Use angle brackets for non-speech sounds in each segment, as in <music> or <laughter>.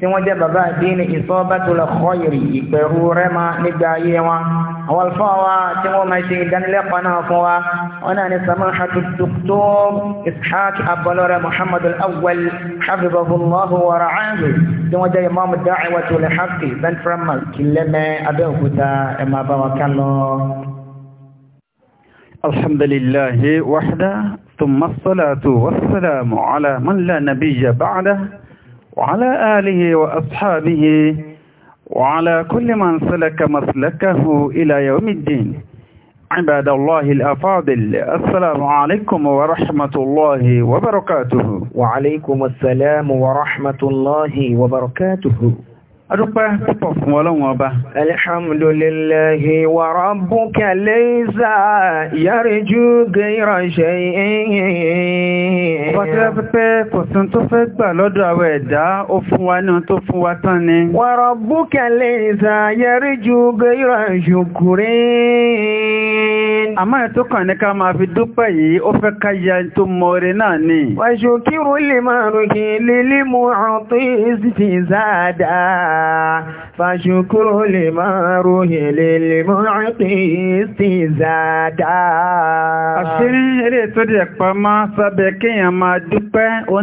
tí wọ́n jẹ́ bàbá àdínì ìsọ́bẹ́tòlẹ̀ kọ́yìrì ìpẹ̀rù rẹ́mà nígbà ayé wa àwọn alfa wa tí wọ́n máa ṣe ìdánilẹ́kọ̀ọ́ náà fún wa wọn náà ní samahatu dr ishaq abọlọrẹ muhammad al-awwal hafizahullahu wa ra'ahu tí wọ́n jẹ́ imam ben haqqi central mosque kìlẹ́mẹ́ abẹ́òkúta ẹ̀ máa bá wa kán lọ. الحمد لله وحده ثم الصلاة والسلام على من لا نبي بعده وعلى آله وأصحابه وعلى كل من سلك مسلكه إلى يوم الدين عباد الله الأفاضل السلام عليكم ورحمة الله وبركاته وعليكم السلام ورحمة الله وبركاته Adúpẹ́ púpọ̀ fún ọlọ́run ọba. Alhamdulillahi wa rabbuka laysa yarju ghayra shay'in. Ọba tí wọ́n pẹ́ kò tún tó fẹ́ gbà lọ́dọ̀ àwọ̀ ẹ̀dá ó fún wa náà tó fún wa tán ni. Wa rabbuka laysa yarju ghayra shukrin. Àmọ́ ẹ̀ tó kàn ní ká máa fi dúpẹ́ yìí, ó fẹ́ ká ya tó mọ̀ọ́rẹ́ náà ni. Wàṣù kírù lè máa rògì lílí mú ọ̀tún ìsìtì záàdá. Fàṣù kírù lè máa rògì lílí mú ọ̀tún ìsìtì záàdá. Àṣírí eré tó dẹ̀ pa máa sábẹ́ kéèyàn máa dúpẹ́,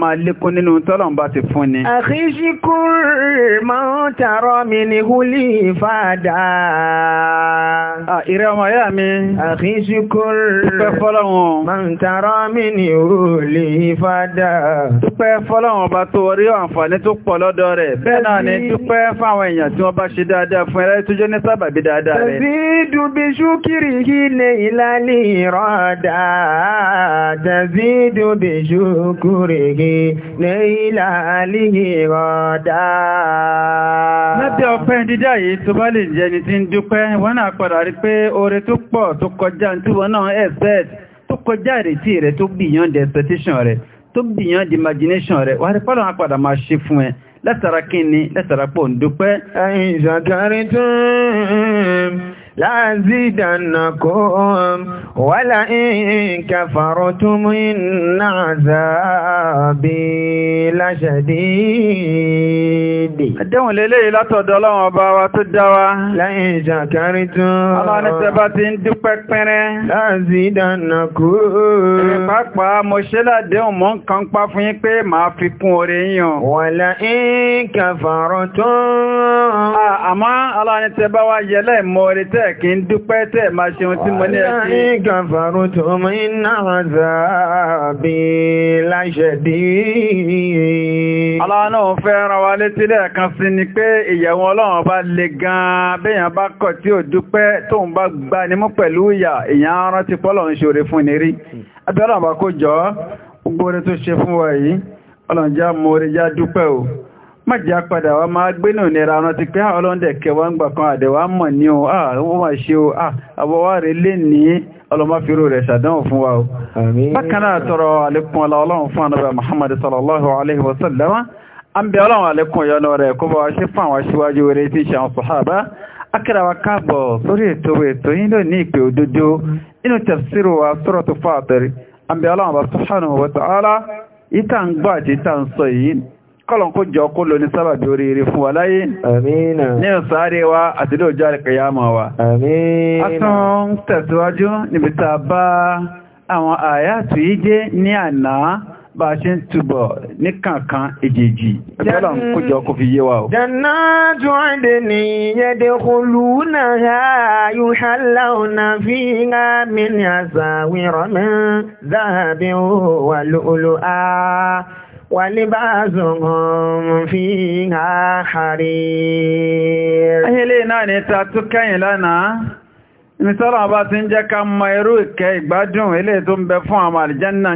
máa lékún mi. Àkíṣíkúr. Dúpẹ́ fọ́lọ́wọ̀n. Máa ń tàrọ mí ní òòlì Dúpẹ́ fọ́lọ́wọ̀n bá tó rí àǹfààní tó pọ̀ lọ́dọ̀ rẹ̀. Bẹ́ẹ̀ ni dúpẹ́ fáwọn èèyàn tí wọ́n bá ṣe dáadáa fún ẹrẹ́ tó jẹ́ ní sábàbí dáadáa rẹ̀. Tẹ̀sí dùbí ṣúkìrì yìí lè ìlàlì ìrọ̀dà. Tẹ̀sí dùbí ṣúkìrì yìí lè ìlàlì ìrọ̀dà. Lábẹ́ ọpẹ́ dúpẹ́, wọ́n pọ̀ tó kọjá tí wọ́n náà expect tó kọjá ìrètí rẹ̀ tó beyond the expectation rẹ̀ tó beyond the imagination rẹ̀ wà rí pọ́lọ̀ wọn padà máa ṣe fún ẹ látara kí ni látara pọ̀ ń dúpẹ́. لأزيدنكم ولئن كفرتم إن عذابي لشديد Àdéhùn lélẹ́yìí látọ̀dọ̀ Ọlọ́run ọba wa tó dá wa. Lẹ́yìn ìṣàkárí tó. Ọlọ́run tẹ bá ti ń dúpẹ́ pẹ́rẹ́. Láàzí ìdáná kú. Pàápàá mo ṣe ládéhùn mọ́ nǹkan pa fún yín pé màá fi kún oore yín. Wàlá ìkàfàrọ̀ tẹ́ kí ń dúpẹ́ tẹ́ máa ṣe tí mo ní ẹ̀kí. Ní kàfàrú tó mú iná àzàbí láṣẹ̀dí. Aláwọ̀ náà fẹ́ ran wa létí lẹ́ẹ̀kan sí ni pé ìyẹ̀wò Ọlọ́run bá le gan béèyàn bá kọ̀ tí ò dúpẹ́ tóun bá gba nímú pẹ̀lú ìyà èèyàn rántí pọ́lọ̀ ń ṣòro fún ni rí. Abẹ́rẹ́ àbákójọ́ gbogbo orí tó ṣe fún wa yìí, Ọlọ́run já mú orí já dúpẹ́ o májá padà wá máa gbé náà nira ọ̀nà ti pé ah, ọlọ́ndẹ̀ kẹwàá ń gbà kan àdẹ̀wà mọ̀ ní o àwọn ah, máa ṣe o ah, àwọwà rẹ̀ lè ní ọlọ́máfíro rẹ̀ ṣàdánwò fún wa o bákanáà tọrọ àlékún ọlọ́run fún anábà Muhammad sallallahu alaihi wasallam an bẹ ọlọ́run àlékún yọnu rẹ̀ kó bá wa ṣe fún àwọn aṣíwájú rẹ̀ tí ṣe àwọn sọ̀hábá akẹ́rẹ́wà káàbọ̀ sórí ètò ètò yìí lónìí ìpè òdodo inú tafsiru wa suratu Fatir an bẹ ọlọ́run bá subhanahu wa ta'ala ìta ń gbọ́ àti ìta ń sọ yìí kọlọ̀n kó jọ kó lóní sábàbí oríire fún wa láyé ní ọ̀sáre wa àti lóòjọ́ àríkẹyàmọ̀ wa a tún tẹ̀síwájú níbi tá a bá àwọn àyàtù yìí dé ní àná bá ṣe ń túbọ̀ ní kankan èjèèjì ẹgbẹ́lá ń kójọ kó fi yé wa o. jẹ́nà tó ń dè ní yẹ́dẹ̀ kọlu náà yóò ṣàlá ọ̀nà fi ńlá mi ní àṣà wíran ولباسهم فيها حرير Ilé náà ni ta tún kẹ́yìn lánàá, ní sọ́rọ̀ àbá ti ń jẹ́ ká mọ irú ìkẹ́ ìgbádùn ilé tó ń bẹ fún àmà àlìjẹ́nà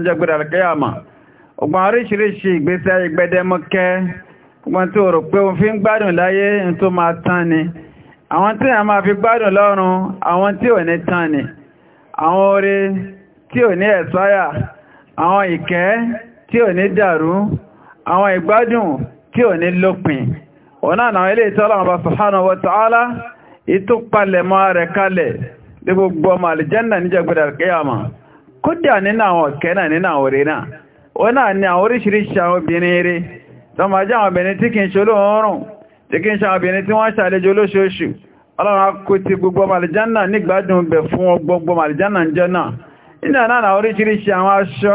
ni. Àwọn tí a máa fi gbádùn lọ́run, àwọn tí ò ní tán ni. Àwọn oore tí ò ní ẹ̀sáyà, àwọn ìkẹ́ tí ò ní dàrú àwọn ìgbádùn tí ò ní lópin ọ̀nà àwọn ilé ìtọ́lọ̀ ọba subhanahu wa ta'ala ìtò palẹ̀mọ́ rẹ̀ kalẹ̀ bí gbogbo ọmọ alìjẹ́nà níjẹgbẹ̀rẹ̀ alkiyama kódà nínú àwọn ni àwọn oríṣiríṣi àwọn obìnrin rí tọmọjá àwọn obìnrin tí kìí ṣe olóòórùn tí kìí ṣe àwọn obìnrin tí wọ́n ṣàlejò olóṣooṣù ọlọ́run akó ti gbogbo ọmọ alìjẹ́nà nígbàdùn bẹ̀ fún gbogbo ọmọ alìjẹ́nà jẹ́ náà nínú àwọn oríṣiríṣi àwọn aṣọ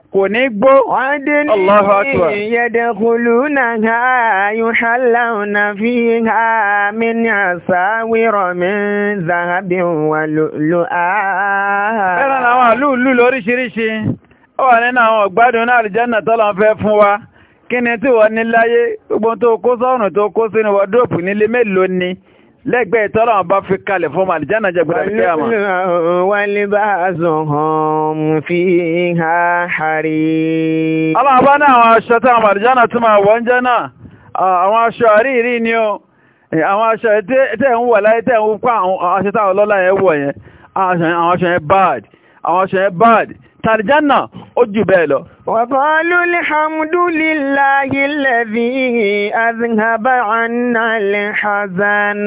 kò ní gbó. wọ́n dé ní ìyẹ́dẹ̀kulú náà ha yóò na fi ha mi ní àsáwírọ̀ mi zahabi wà lò á. ẹran àwọn àlúùlú lóríṣiríṣi ó wà nínú àwọn ọ̀gbádùn náà àlùjánnà tọ́lọ́ fẹ́ fún wa kí ni tí wọ́n ní láyé gbogbo tó kó sọ́run tó kó sínú wọ́dọ́ọ̀pù nílé mélòó ni. lẹ́gbẹ́ ìtọ́lọ́wọ́n bá fi kalẹ̀ fún màlìjánà jẹgbẹ̀rẹ̀ fi kíyàmà. wálé bá a zùn hàn fi ha harí. aláàbá náà àwọn aṣọ tí àwọn màlìjánà tún máa wọ́n jẹ́ náà àwọn aṣọ àríìrí ni ó àwọn aṣọ tẹ́ ń wọ̀ láyé tẹ́ ń aṣọ táwọn ọlọ́lá tàrìjánà ó jù bẹ́ẹ̀ lọ. Wàkọ́lù alhamdulillahi alladhi azhaba anna al-hazan.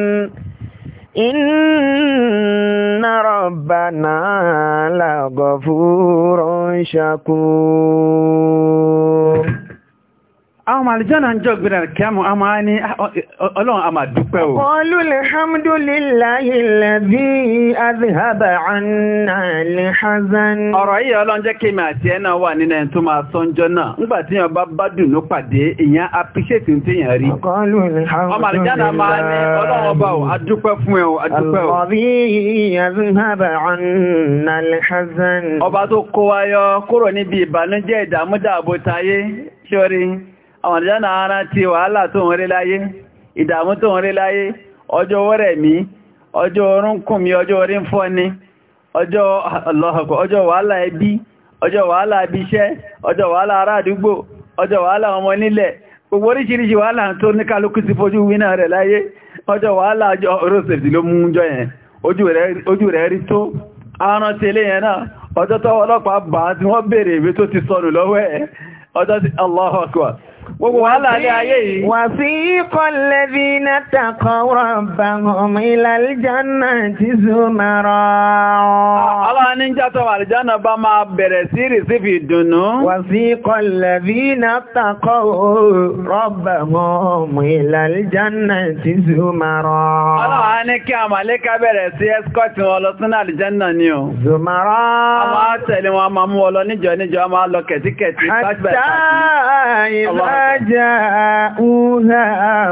Inna rabbana la ghafurun shakur àwọn àlìjọ́nà ń jọ gbìnà kẹmù a máa ní ọlọ́run a máa dúpẹ́ o. ọlú lè hamdúlìláyì lẹ́bí azihaba anna lè hazan. ọ̀rọ̀ yìí ọlọ́run jẹ́ kí mi àti ẹ̀ náà wà nínú ẹni tó máa sọ́njọ́ náà nígbà tí yàn bá bá dùnú pàdé ìyẹn appreciate tí yàn rí. ọlú lè hamdúlìláyì ọmọ àlìjọ́nà máa ní ọlọ́run ọba o a dúpẹ́ fún ẹ o a dúpẹ́ o. ọ̀bí azihaba anna lè ọba tó kó wa àwọn na ara ti wàhálà tó ń rí láyé ìdààmú tó ń rí láyé ọjọ́ wọ́rẹ̀ mi ọjọ́ orún kùn mi ọjọ́ orí ń fọ́ ni ọjọ́ wàhálà ẹbí ọjọ́ wàhálà ibiṣẹ́ ọjọ́ wàhálà ará àdúgbò ọjọ́ wàhálà ọmọ nílẹ̀ gbogbo oríṣiríṣi wàhálà tó ní ti fojú wínà rẹ̀ láyé ọjọ́ wàhálà ọjọ́ ló mú jọ yẹn ojú rẹ̀ rí tó aràn yẹn náà ọjọ́ bàá tí wọ́n ìwé tó ti sọnù Gbogbo wàhálà ní ayé yìí. Wà sí ikọ̀ lẹ́bí náà takọ̀ rọ̀bà ọmọ ìlàlìjánà ti zúmarọ̀. Ọlá ní játọ̀ àlìjánà bá máa bẹ̀rẹ̀ sí rìsífì ìdùnnú. Wà sí ikọ̀ lẹ́bí náà takọ̀ rọ̀bà ọmọ ìlàlìjánà ti zúmarọ̀. Ọlá ní kí àmàlékà bẹ̀rẹ̀ sí ẹ́skọ́tì wọn lọ sínú àlìjánà ni o. Zúmarọ̀. A máa tẹ̀lé wọn, a máa mú wọn lọ níjọ níjọ, a máa lọ kẹ̀tíkẹ̀tí. Àtàà ìlà جاءوها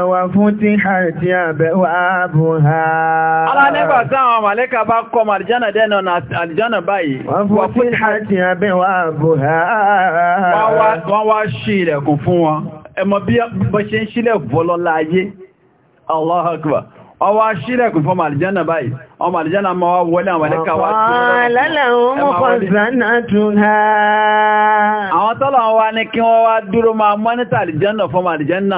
وفتحت أبوابها Ara nígbà tí àwọn bá kọ àlìjánà dẹ́nà àlìjánà báyìí. Wọ́n futhat abwabuha. Wọ́n wá ṣí ilẹ̀kùn fún wọn. Ẹmọ bí bọ́ ṣe ń ṣílẹ̀ bọ́lọ́lá Allah akbar. Wọ́n wá ṣí fún àlìjánà báyìí. ọmọ àlìjánà ma wá wọlé àwọn ẹ̀lẹ́kà wá àwọn tọ́lọ̀ wa ní kí wọ́n wá dúró máa mọ́nítà àlìjánà fọ́mọ àlìjánà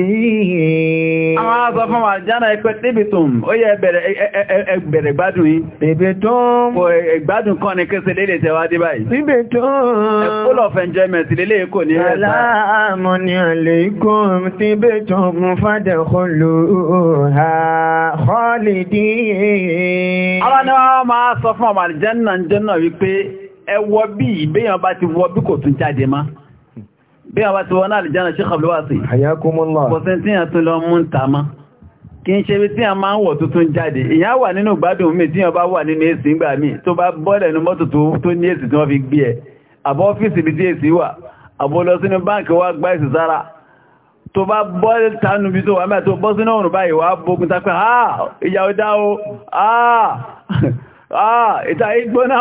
Àwọn aṣọ fún wa jánà ẹgbẹ́ tíbìtùn, ó yẹ ẹgbẹ̀rẹ̀ gbádùn yìí. Tíbìtùn. Kò ẹgbádùn kan ní kése lélè tẹwà dé báyìí. Tíbìtùn. Full of enjoyment lélè ẹwọ bí ìgbéyàn bá ti wọ bí kò tún jáde máa bí a bá ti wọ́n àlìjánà ṣe kọ̀bùlúwà sí pọ̀sẹ̀ntíyàn tún lọ mú tàmá kí n ṣe bí tí a máa ń wọ̀ tuntun jáde ìyá wà nínú gbádùn mi tí yàn bá wà nínú èsì ìgbà mi tó bá bọ́ọ̀lẹ̀ ní mọ́tò tó ní èsì tí wọ́n fi gbé ẹ̀ àbọ́ ọ́fíìsì bí tí èsì wà àbọ́ lọ sínú báǹkì wá gbá èsì sára tó bá bọ́ọ̀lẹ̀ tánú bí o ah ah ìta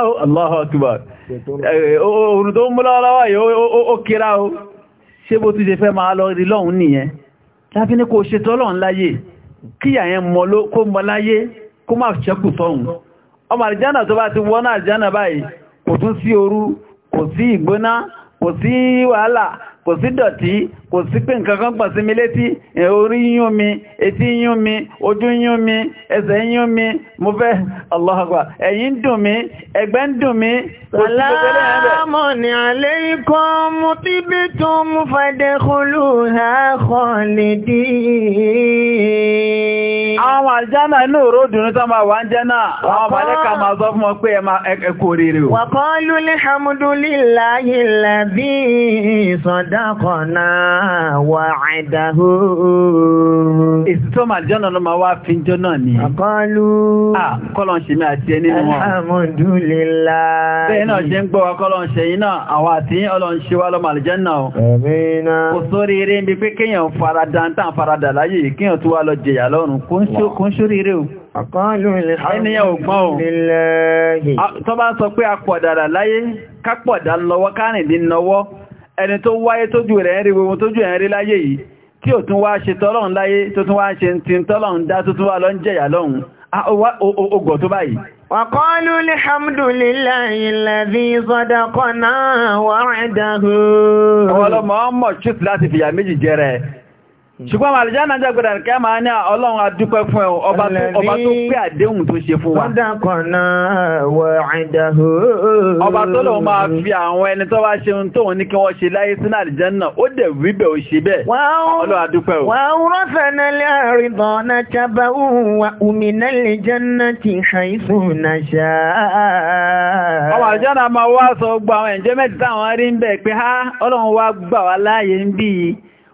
o Allahu Akbar ṣé bó ti ṣe fẹ́ máa lọ rí lọ́hun nìyẹn láti ní kò ṣe tọ́lọ́hun láyé kí àyẹn kó mọ láyé kó má ṣẹ́kù sọ́hun ọmọ àrìjánà tó bá ti wọ́n náà báyìí kò tún sí òru kò sí ìgbóná kò sí wàhálà kò sí dọ̀tí kò sí pé nǹkan kan pàsí mi létí orí yún mi etí yún mi ojú yún mi ẹsẹ̀ yún mi mo fẹ́ Allahu ẹ̀yìn dùn mí ẹgbẹ́ ń dùn mí salamun alaykum tibtum fadkhuluha khalidin àwọn àjánà inú ròdùnú tó máa wà ń jẹ́ náà àwọn máa sọ fún ọ pé ẹkù rere wa qalu alhamdulillahi alladhi sadaqana wa'adahu. Èsì tó máa jọ́nà ló máa wá fi jọ́ náà ni. Àkọlù. À kọ́lọ̀ ń ṣe mí àti ẹni nínú wọn. Alhamdulillah. Bẹ́ẹ̀ náà ṣe ń gbọ́ wa kọ́lọ̀ ń ṣe yín náà, àwọn àti ọlọ́ ń ṣe wá lọ́mọ àlùjánnà o. Àmín. Kò sórí eré ń bi pé kéèyàn farada ń tàn farada láyé kéèyàn tó wá lọ jẹyà lọ́run kó ń sórí eré o. Àkọlù Ènìyàn ò gbọ́n o. Tó bá ẹni tó wáyé tójú rẹ̀ ń rí gbogbo tójú ẹ̀ ń rí láyé yìí tí ò tún wá ṣe tọ́lọ́run láyé tó tún wá ṣe tí ń dá tó tún wá lọ ń jẹ̀yà lọ́hun ogọ̀ tó báyìí Mm. ṣùgbọ́n àlìjáná jẹ́gbẹ̀rẹ̀ kẹ́ máa ní ọlọ́run adúpẹ́ fún ọba tó pé àdéhùn tó ṣe fún wa. ọ̀dàkọ̀nà wọ̀ àìdáhù. ọba tó lòun máa fi àwọn ẹni tó bá ṣe ohun ní kí wọ́n ṣe láyé sínú àlìjáná ó dẹ̀ wí ó ṣe bẹ́ẹ̀ ọlọ́run adúpẹ́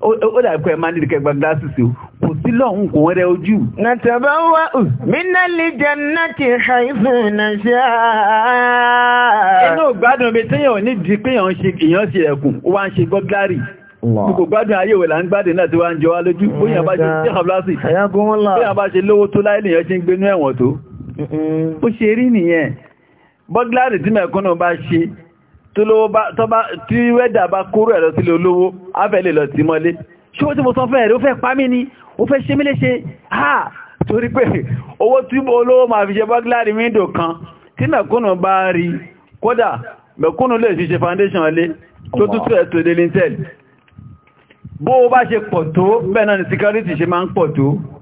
ó dà pé ẹ máa nídìí kẹgbà gíláàsì kò sí lọ́hùn kò wẹ́rẹ́ ojú. nàtàbá wa mínà lè jẹ náà ti ṣàìfẹ́ náà ṣe àá. inú gbádùn mi téèyàn ò ní di pé èèyàn ṣe ẹ̀kùn ó wá ń ṣe gọ́gárì gbogbo gbádùn ayé ìwẹ̀ là ń gbádùn náà tí wá ń jọ wá lójú bóyá bá ṣe ṣe àbúlásì bóyá bá ṣe lówó tó láìlè yẹn ṣe ń gbénú ẹ̀wọ̀n tó ó ṣe rí nìyẹn bọ́gílárì tí mẹ̀kúnnù bá ṣe tí wẹ́dà bá kúrò ẹ̀lọ sílé olówó afẹ́lẹ̀ lọ sí mọ́lé ṣe ó tí mo sọ fẹ́ ẹ̀rẹ́ ó fẹ́ pa mí ni ó fẹ́ ṣe mí léṣe ha torí pé owó tí olówó ma fi ṣe bọ́gláàrí wíńdò kan tí mẹ̀kúnnù bá rí kódà mẹ̀kúnnù lè fi ṣe foundation lé tó tútù ẹ̀ tó délé intel bó o bá ṣe pọ̀ tó bẹ́ẹ̀ náà ni security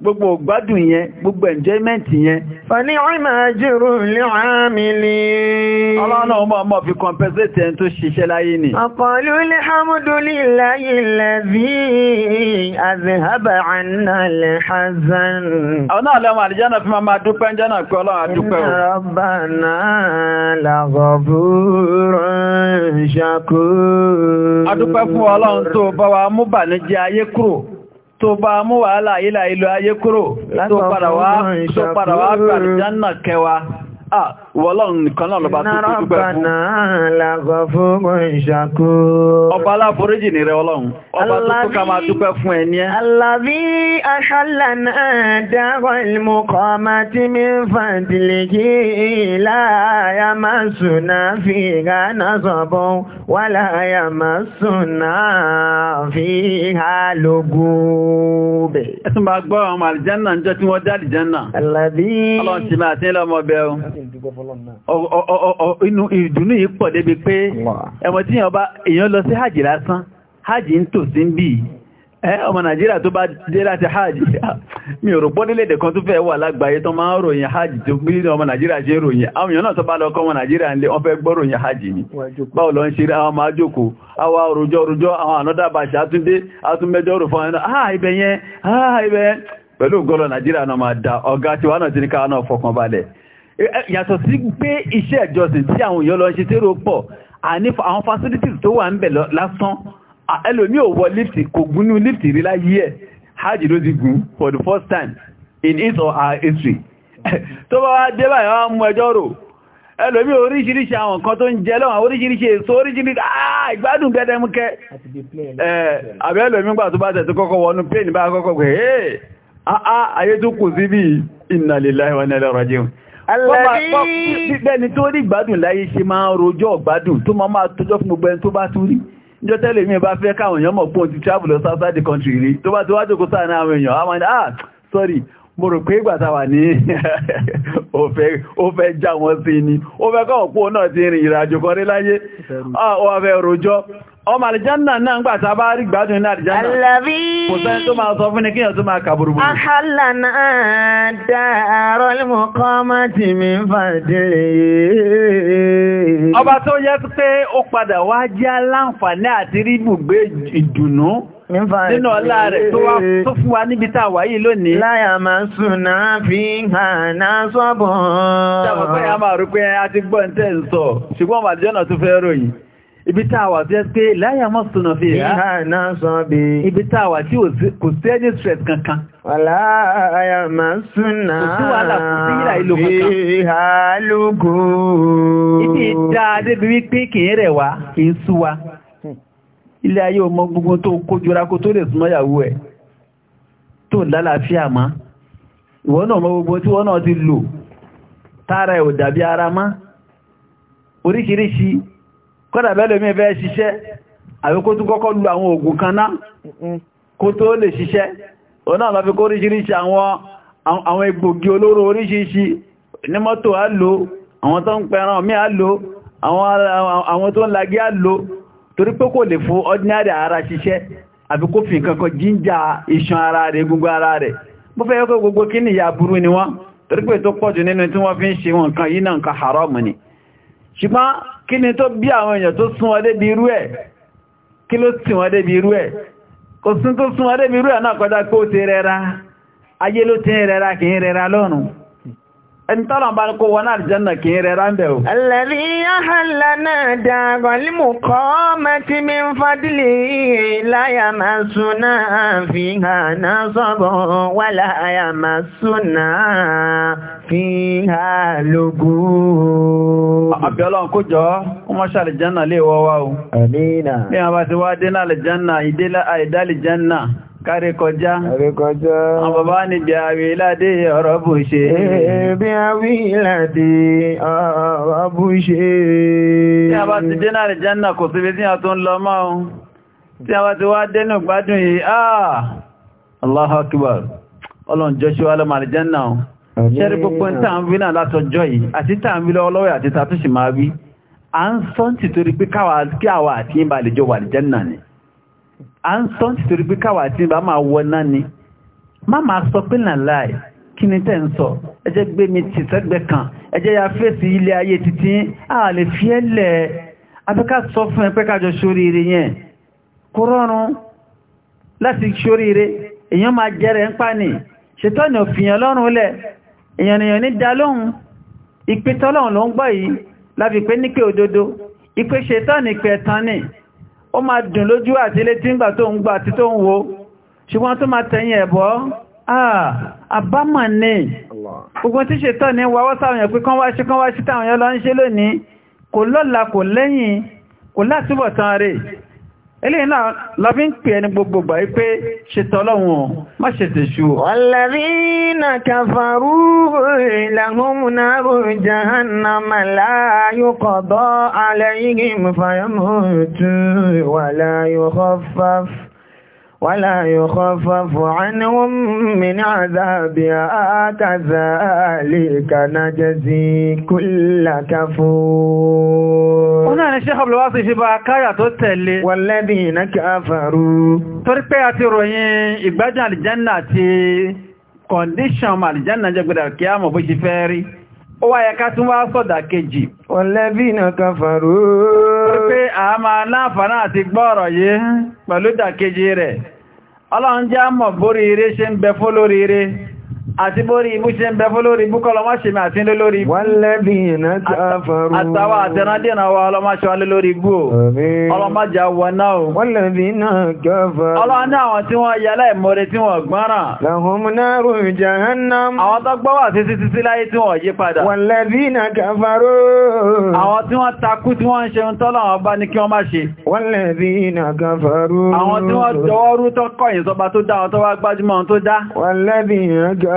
gbogbo gbádùn yẹn gbogbo enjoyment yẹn. fani ọ̀nà àjùrù ní àmìlì. ọlọ́run ọmọ ọmọ fi compensate ẹni tó ṣiṣẹ́ láyé ni. ọ̀pọ̀lú lè hamdulillahi allazi azhaba anna alhazan. àwọn náà lẹ́wọ̀n àdìjánà fi máa dúpẹ́ ń jẹ́nà pé ọlọ́run àdúpẹ́ o. rabbana laghafurun shakur. adúpẹ́ tó bá mú wàhálà ilà ìlú ayé kúrò tó padà wá pàdé jánà kẹwàá ah, Wọ́lọ́run nìkan náà lọba tó tó dúpẹ́ fún. Náà làgọ̀ fún ìṣàkó. Ọba aláforíjì ni rẹ ọlọ́run. Ọba tó tó ẹni ẹ. Àlàbí aṣọ́là náà dáwọ̀ ìmúkọ̀ máa ti mi ń fàdìlì kí láàyà máa náà fi ìhánà sọ̀bọ̀ wà láàyà fi ìhá lógún bẹ̀. Ẹ tún bá gbọ́ àwọn àlìjánà ń inú ìdùnnú yìí pọ̀ débi pé ẹmọ tí èyàn lọ sí hajj lásán hajj ń tò sí ń bí ọmọ nàìjíríà tó bá dé láti hajj <laughs> mi ò rò pọ́ nílẹ̀ kan tó fẹ́ wà lágbàáyé tó máa ń ròyìn hajj tó bí ọmọ nàìjíríà ṣe ròyìn àwọn èèyàn náà tó bá lọ kọ́ ọmọ nàìjíríà ń lé fẹ́ gbọ́ ròyìn hajj ni báwo lọ ń ṣe àwọn àwọn àtúndé rò fún ah, ah, pẹ̀lú nàìjíríà náà máa da ọ̀gá tiwa náà ti ní yàtọ̀ sí pé iṣẹ́ ìjọsìn tí àwọn èèyàn lọ ṣe tí ó pọ̀ àwọn facilities tó wà ń bẹ̀ lásán ẹlòmí ò wọ lift kò gúnnú lift rí láyé ẹ̀ hajj ló ti gùn for the first time in his or her history <laughs> tó bá wá dé báyìí wọ́n mú ẹjọ́ rò ẹlòmí oríṣiríṣi àwọn nǹkan tó ń jẹ lọ́wọ́n oríṣiríṣi èso oríṣiríṣi ah, ìgbádùn gẹ́dẹ́múkẹ́ àbẹ́ ẹlòmí gbà tó bá tẹ̀ tó kọ́kọ́ wọnú plane bá kọ́kọ́ pé ah, ah, ayé tó kù sí bí inna lillahi wa inna ilaihi raji'un Bẹ́ẹ̀ni tó rí ìgbádùn láyé ṣe máa ń rojọ́ ìgbádùn tó máa máa tójọ́ fún gbogbo ẹni tó bá tún rí. Ìjọ tẹ́lẹ̀ mi bá fẹ́ káwọn èèyàn mọ̀ pọ́n ti travel outside the country rí. Tó bá ti wá jókòó sáà ní èèyàn, a máa ah, sorry, mo rò pé ìgbà táwà ní <laughs> ó fẹ́ já wọn sí ni. Ó fẹ́ káwọn Ah, ó wá fẹ́ ọmọ àlìjánà náà ń gbàtà bá rí gbádùn ní àlìjánà alábí kò tó máa sọ fún ní kíyàn tó máa kàbùrùbùrù ahàlà náà dáàrọ̀ ìmọ̀kọ́ máa ti mi ọba tó pé ó padà wá jẹ́ aláǹfààní àti rí ìdùnnú nínú ọlá rẹ̀ wa níbi lónìí láyà máa fi sọ́bọ̀n a máa rú pé a ti tẹ́ ń sọ ṣùgbọ́n ibi táwà tí ẹ́ pé láyà mọ́ súnà fi ìhà ibi táwà tí kò sí ẹni stress kankan láyà mọ́ súnà fi ìhà ibi dáadé bí wípé kìí rẹ̀ wá kìí sú wa ilé ayé ọmọ gbogbo tó kójúra kó tó lè súnmọ́ ìyàwó ẹ̀ tó lálàáfíà má ìwọ náà gbogbo tí wọ́n náà ti lò tára ẹ̀ kọ́dà bẹ́ẹ̀ lómi fẹ́ ṣiṣẹ́ àbí kó tún kọ́kọ́ lu àwọn oògùn kan náà kó tó lè ṣiṣẹ́ òun náà lọ fi kó oríṣiríṣi àwọn egbògi olóró oríṣiríṣi ní mọ́tò á lò àwọn tó ń pẹran mí á lò àwọn tó ń lagí á lò torí pé kò lè fún ordinary ara ṣiṣẹ́ àbí kó fi ṣùgbọ́n kí ni tó bí àwọn èèyàn tó sún ọdé bí irú ẹ̀ kí ló tì wọ́n dé bí irú ẹ̀ kò sún tó sún ọdé bí irú ẹ̀ náà kọjá ti rẹra ayé ló ti rẹra rẹra lọ́rùn ẹni tọ́rọ bá ní kó wọn náà jẹ́nà kí rẹ̀ ráńdẹ̀ o. Ẹlẹ́rí àhàlà náà dàgbà límù kọ́ mẹ́tí mi ń fọ́dílì láyà máa súnà fi hànà sọ́bọ̀ wà láyà máa súnà fi hà lógó. Àbí kó jọ, ó mọ́ ṣàlẹ̀ jẹ́nà lè wọ́ wá o. Àmínà. Bí wọ́n bá ti wá dé náà lè jẹ́nà, ìdálẹ̀ jẹ́nà kárí kọjá. Kárí kọjá. Àwọn bàbá ní bí àwí ìlàdé ọ̀rọ̀ bù ṣe. Eh, bí àwí ìlàdé ọ̀rọ̀ bù ṣe. Tí a bá ti dé náà jẹ́nà kò síbi tí a tó ń lọ máa ń. Tí a bá ti wá dénú gbádùn yìí, ah! Allahu Akbar. Ọlọ́run jọ ṣe wá lọ́mọ náà látọjọ́ à ń sọ nítorí pé káwà tí bá máa wọ náà ni má máa sọ pé làláì kí ni tẹ́ ń sọ ẹ gbé mi tì sẹ́gbẹ́ kan ẹ ya fèsì ilé ayé títí a lè fi ẹ́ lẹ̀ afẹ́ká sọ fún ẹ pé kájọ ṣoríire yẹn kó rọrùn láti ṣoríire èèyàn máa jẹ́rẹ̀ ń pàní ṣètọ́nì òfìyàn lọ́rùn lẹ̀ èèyàn èèyàn ní dá lóhun ìpẹ́tọ́lọ́run ló ń ìpẹ́ tán ni ó máa dùn lójú àti ilé tí ń gbà tó ń gbà tí tó ń wo ṣùgbọ́n tó máa tẹ̀yìn ẹ̀bọ́ ah, àbámọ̀ ní ogun tí ṣe tọ́ ní wáwọ́ sáwọn ẹ̀pẹ́ kan wá ṣe kan wá ṣe táwọn ẹ̀lọ́ ń ṣe lónìí kò lọ́la kò lẹ́yìn kò látúbọ̀ tán eléyìí náà lọ́bí ń pè ẹni gbogbogbà wípé ṣètò ọlọ́run má ṣètò ṣù alladhina kafaru lahum naru wa la yukhaffaf ولا يخفف عنهم من عذابها كذلك نجزي كل كفور هنا الشيخ عبد الواصي ṣe bá káyà tó tẹ̀lé والذين كفروا torí pé àti ròyìn ìgbádùn àlìjánà àti kọ̀ndíṣàn àlìjánà jẹ́ gbẹ̀dà kí á mọ̀ bó ṣe fẹ́ rí ó wá yẹ ká tún wá sọ̀dà kejì والذين كفروا pé a máa láǹfààní àti gbọ́ọ̀rọ̀ yìí pẹ̀lú ìdàkejì rẹ̀ ọlọ́run jẹ́ mọ̀ bórí ire ṣe ń bẹ fó lórí ire àti bórí ibú ṣe ń bẹ fún lórí ibú kọlọmọ́ṣe mi àti lórí ibú wọ́lẹ́bí iná káfàrú àtàwà àtẹ̀ràndínà wa ọlọ́mọ́ṣe wa lórí ibú o ọlọ́mọ́jà wọ o wọ́n yẹ láìmọ́re tí wọ́n gbọ́nràn lahum àwọn tí wọ́n yí padà tí wọ́n takú tí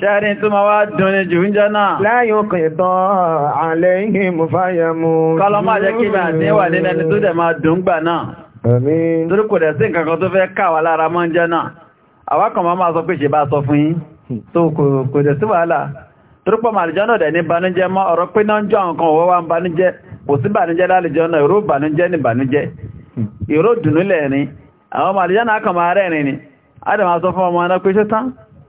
ṣẹ́rin tó ma wá dùn jù ń jẹ́ náà láyò ìtọ́ àlẹ́ ihe mú fáyẹ mú jẹ́ kí ní wà tó dẹ̀ máa dùn gbà náà torí kò dẹ̀ sí nǹkan kan tó fẹ́ káwà lára mọ́ ń sọ fún yín tó kò dẹ̀ sí wàhálà torí pọ̀ màlìjọ́ náà dẹ̀ ní banújẹ́ mọ́ ọ̀rọ̀ pé náà ń jọ wa ń banújẹ́ kò sí banújẹ́ lálejọ́ náà ìró banújẹ́ banújẹ́ ìró dùnú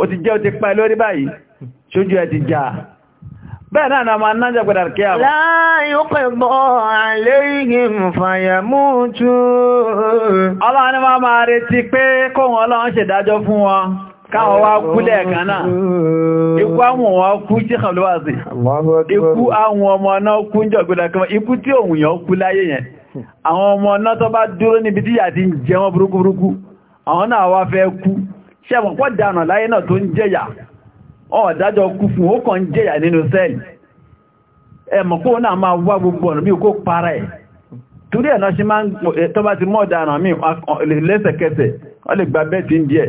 ó ti jẹ́ ó ti pẹ́ lórí báyìí ṣójú ẹ ti já bẹ́ẹ̀ náà na máa náà jẹ́gbẹ̀dà kí a láyọ́pẹ̀gbọ́ àléyìn fàyàmú tú ọlọ́ni máa máa retí pé kóhun ọlọ́run ṣèdájọ́ fún wọn káwọn wá kúlẹ̀ kan náà ikú wọn kú tí kàlúwàsì ikú àwọn ọmọ náà tó bá dúró níbi tí yà ti ń jẹ burúkú burúkú àwọn náà wá fẹ́ kú ṣẹ́wọ̀n pọ́ dànà láyé náà tó ń jẹ́yà ọ̀dájọ́ kú fún ó kàn ń jẹ́yà nínú sẹ́ẹ̀lì ẹmọ̀ kó náà máa wá gbogbo ọ̀nà bí kó para ẹ̀ torí ẹ̀nà ṣe máa ń tọ́bá ti mọ́ dànà mí lẹ́sẹ̀kẹsẹ̀ ọ lè gba bẹ́ẹ̀ tí ń díẹ̀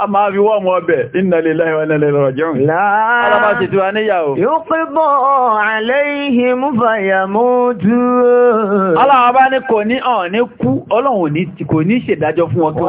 a máa fi wọ́n mọ́ ọbẹ̀ inna lillahi wa inna ilayhi raji'un alábá ti tíwa níyàwó yuqba alayhim fayamutu aláwọ̀ bá ní kò ní ọ̀ ní kú ọlọ́run kò ní ṣèdájọ́ fún wọn kí kú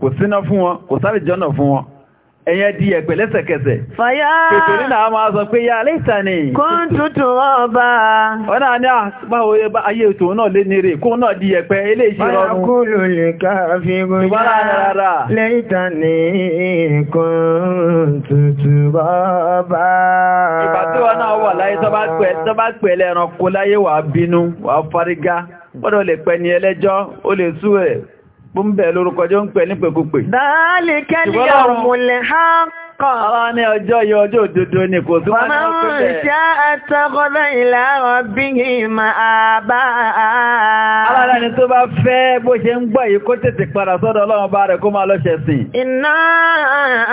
kò síná fún wọn kò sáré jọ́nà fún wọn ẹ̀yẹn di ẹ̀pẹ̀ lẹ́sẹ̀kẹsẹ̀. fàyà pèpèrè náà máa sọ pé yà lẹ́ta ni. kún tuntun ọba. ọ̀nà ni a ayé ètò náà lé ní rè kó náà di ẹ̀pẹ̀ ilé iṣẹ́ rọrùn. fàyà kúlù lẹ́ta ni kún tuntun ọba bó ń bẹ̀ lórúkọjọ́ ń pẹ̀ nípẹ̀kúpẹ̀. Dáálì kẹ́lì ọ̀mùlẹ̀ hàn Kọ́ọ̀rọ̀ ní ọjọ́ yọ ọjọ́ òdodo ni kò tún mọ́ ọkùnrin. Ṣá àtọ́kọ́lọ́ ìlàrọ̀ bí i máa bá a. Alára ni tó bá fẹ́ bó ṣe ń gbọ́ yìí kó tètè padà sọ́dọ̀ ọlọ́run bá rẹ̀ kó máa lọ́ṣẹ̀ sí. Iná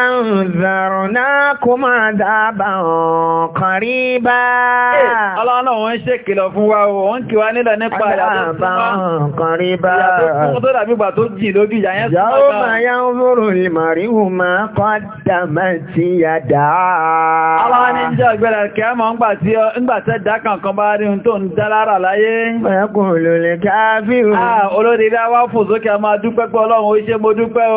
àrùn náà kó máa dábà wa o, wọ́n kì wá ti yà dáa. Àwọn ní jẹ́ ọ̀gbẹ̀rẹ̀ kẹ́mọ̀ ńgbàtẹ́ dá kankan bá rí tó ń dá lára láyé. Ẹkùn olóòlè káfíù. Olóòlè rí àwá fò sókè máa dúpẹ́ pé Ọlọ́run ó ṣe mo dúpẹ́ o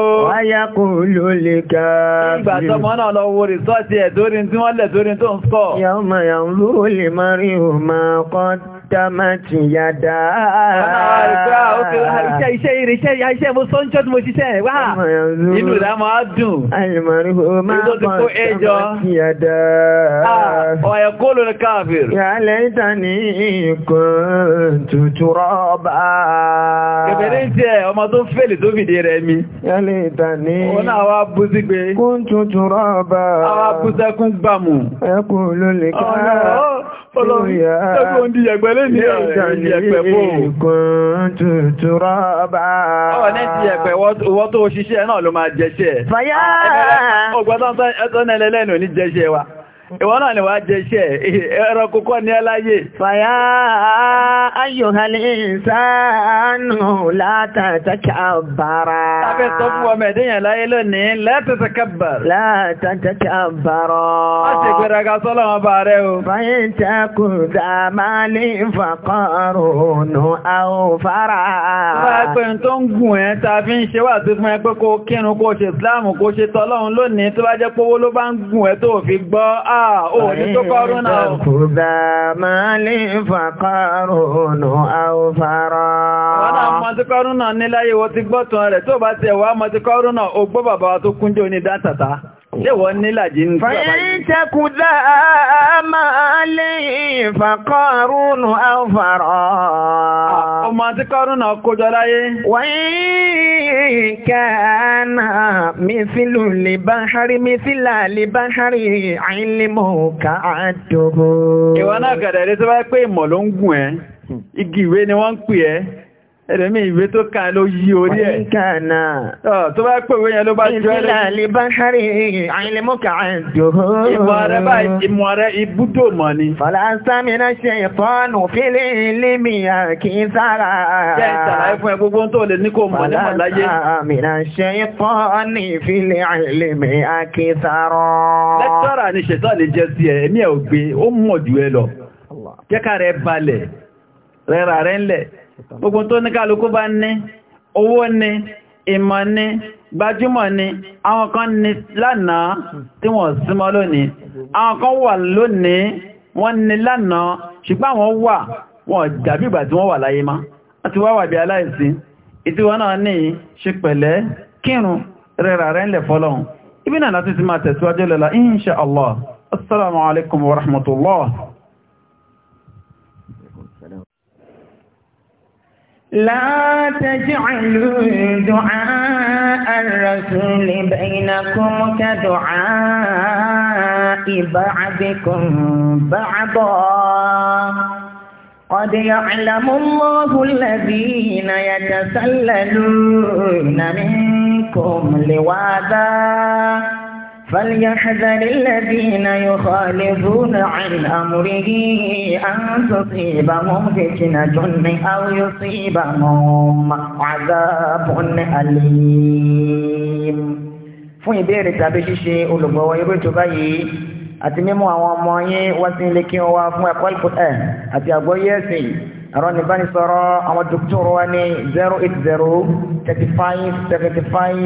kọ́dámátì yàdá. Ah, ah, iṣẹ́ irinṣẹ́ iṣẹ́ mo sọ ń jọ́ mo jẹ́ ah, ọmọ tó fẹ́lẹ̀ tó fìdí rẹ̀ mi. Yàlẹ́ ìtàní. Wọ́n náà wá bú sí pé. Kún gbàmù. Ẹkùn ló lè káàfìr. Ọlọ́run di yẹ̀gbẹ́ lé ní ẹ̀yẹ̀gbẹ́ fóòrùn. Ọ̀nà ti yẹ̀gbẹ́ wọ́n tó ṣiṣẹ́ náà ló máa jẹ́ṣẹ́. Fàyá! Ọgbọ́n tán tán ẹlẹ́lẹ́nu ní jẹ́ṣẹ́ wa ìwọ náà ni wàá jẹ iṣẹ́ ẹ̀rọ kókó ní ẹláyé. fàyà ayọ̀hálẹ̀ ìsánù látàtàkà bàrà. lábẹ́ sọ fún ọmọ ẹ̀dẹ́yàn láyé lónìí látàtàkà bàrà. látàtàkà bàrà. má ṣe gbéraga sọ́lọ́ wọn bá rẹ o. fàyà ìtàkù dàmálì fàkọ́rùnù àwòfàrà. wọ́n òní tó kọrún náà. Kùdà máa lè fà kọrún àwọn fara. Wọ́n náà mọ́ ti kọrún náà níláyé wọ́n ti gbọ́tún rẹ̀ tó bá ti ẹ̀wà mọ́ ti kọrún náà ó gbọ́ bàbá tó kúnjẹ́ oní dántàtà. Ṣéwọ́ nílàjí ní bàbá yìí. Fàyíntẹ́kù dáa máa lè fàkọrùnù àfàrọ̀. Ọmọ àti kọrùnà kójọ láyé. Wàyí kàánà mìfìlù lè bá ṣarí náà gàdẹ̀rẹ́ tó bá pé ìmọ̀ ni wọ́n ń pè ẹ́ ẹ̀rẹ̀mí ìwé tó kàn ló yí orí ẹ̀ kànà tó bá pèwé yẹn ló bá jọ ẹ̀rẹ̀ ìfìlà lè bá ṣáré àìlèmọ́kà àjòhó ibùdó mọ̀ ni fàlásàmìnà ṣe ìfọ́nù fílẹ̀ ilé-ìmì àkínsára jẹ́ ìtàlàyé fún ẹ tó lè ní kò mọ̀ gbogbo tó ní kálukú bá ní owó ní ìmọ̀ ní gbajúmọ̀ ní àwọn kan ní lánàá tí wọ́n símọ́ lónìí àwọn kan wà lónìí wọ́n ní lánàá ṣùgbọ́n àwọn wà wọ́n dàbí ìgbà tí wọ́n wà láyé má àti wá wà bí aláìsí ìtiwọ́n náà ní ṣe pẹ̀lẹ́ kírun rẹ̀rà rẹ̀ ńlẹ̀ fọ́lọ́run ibi allah assalamu alaikum wa لا تجعلوا دعاء الرسول بينكم كدعاء بعضكم بعضا قد يعلم الله الذين يتسللون منكم لواذا فليحذر الذين يخالفون عن أمره أن تصيبهم فتنة أو يصيبهم عذاب أليم fún ìbéèrè tàbí ṣíṣe olùgbọ̀wọ́ irú ètò báyìí àti mímú àwọn ọmọ yín wá sí ilé kí wọ́n wá fún ẹ̀kọ́ ìpínlẹ̀ àti àgbọ́yé ẹ̀sìn ẹ̀rọ ìbánisọ̀rọ̀ àwọn dókítọ̀rọ̀ wa ní 080 35 75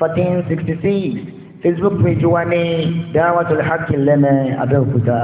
14 66 facebook page wa ní dáwàtò lẹ́hàkì lẹ́nà abẹ́òkúta.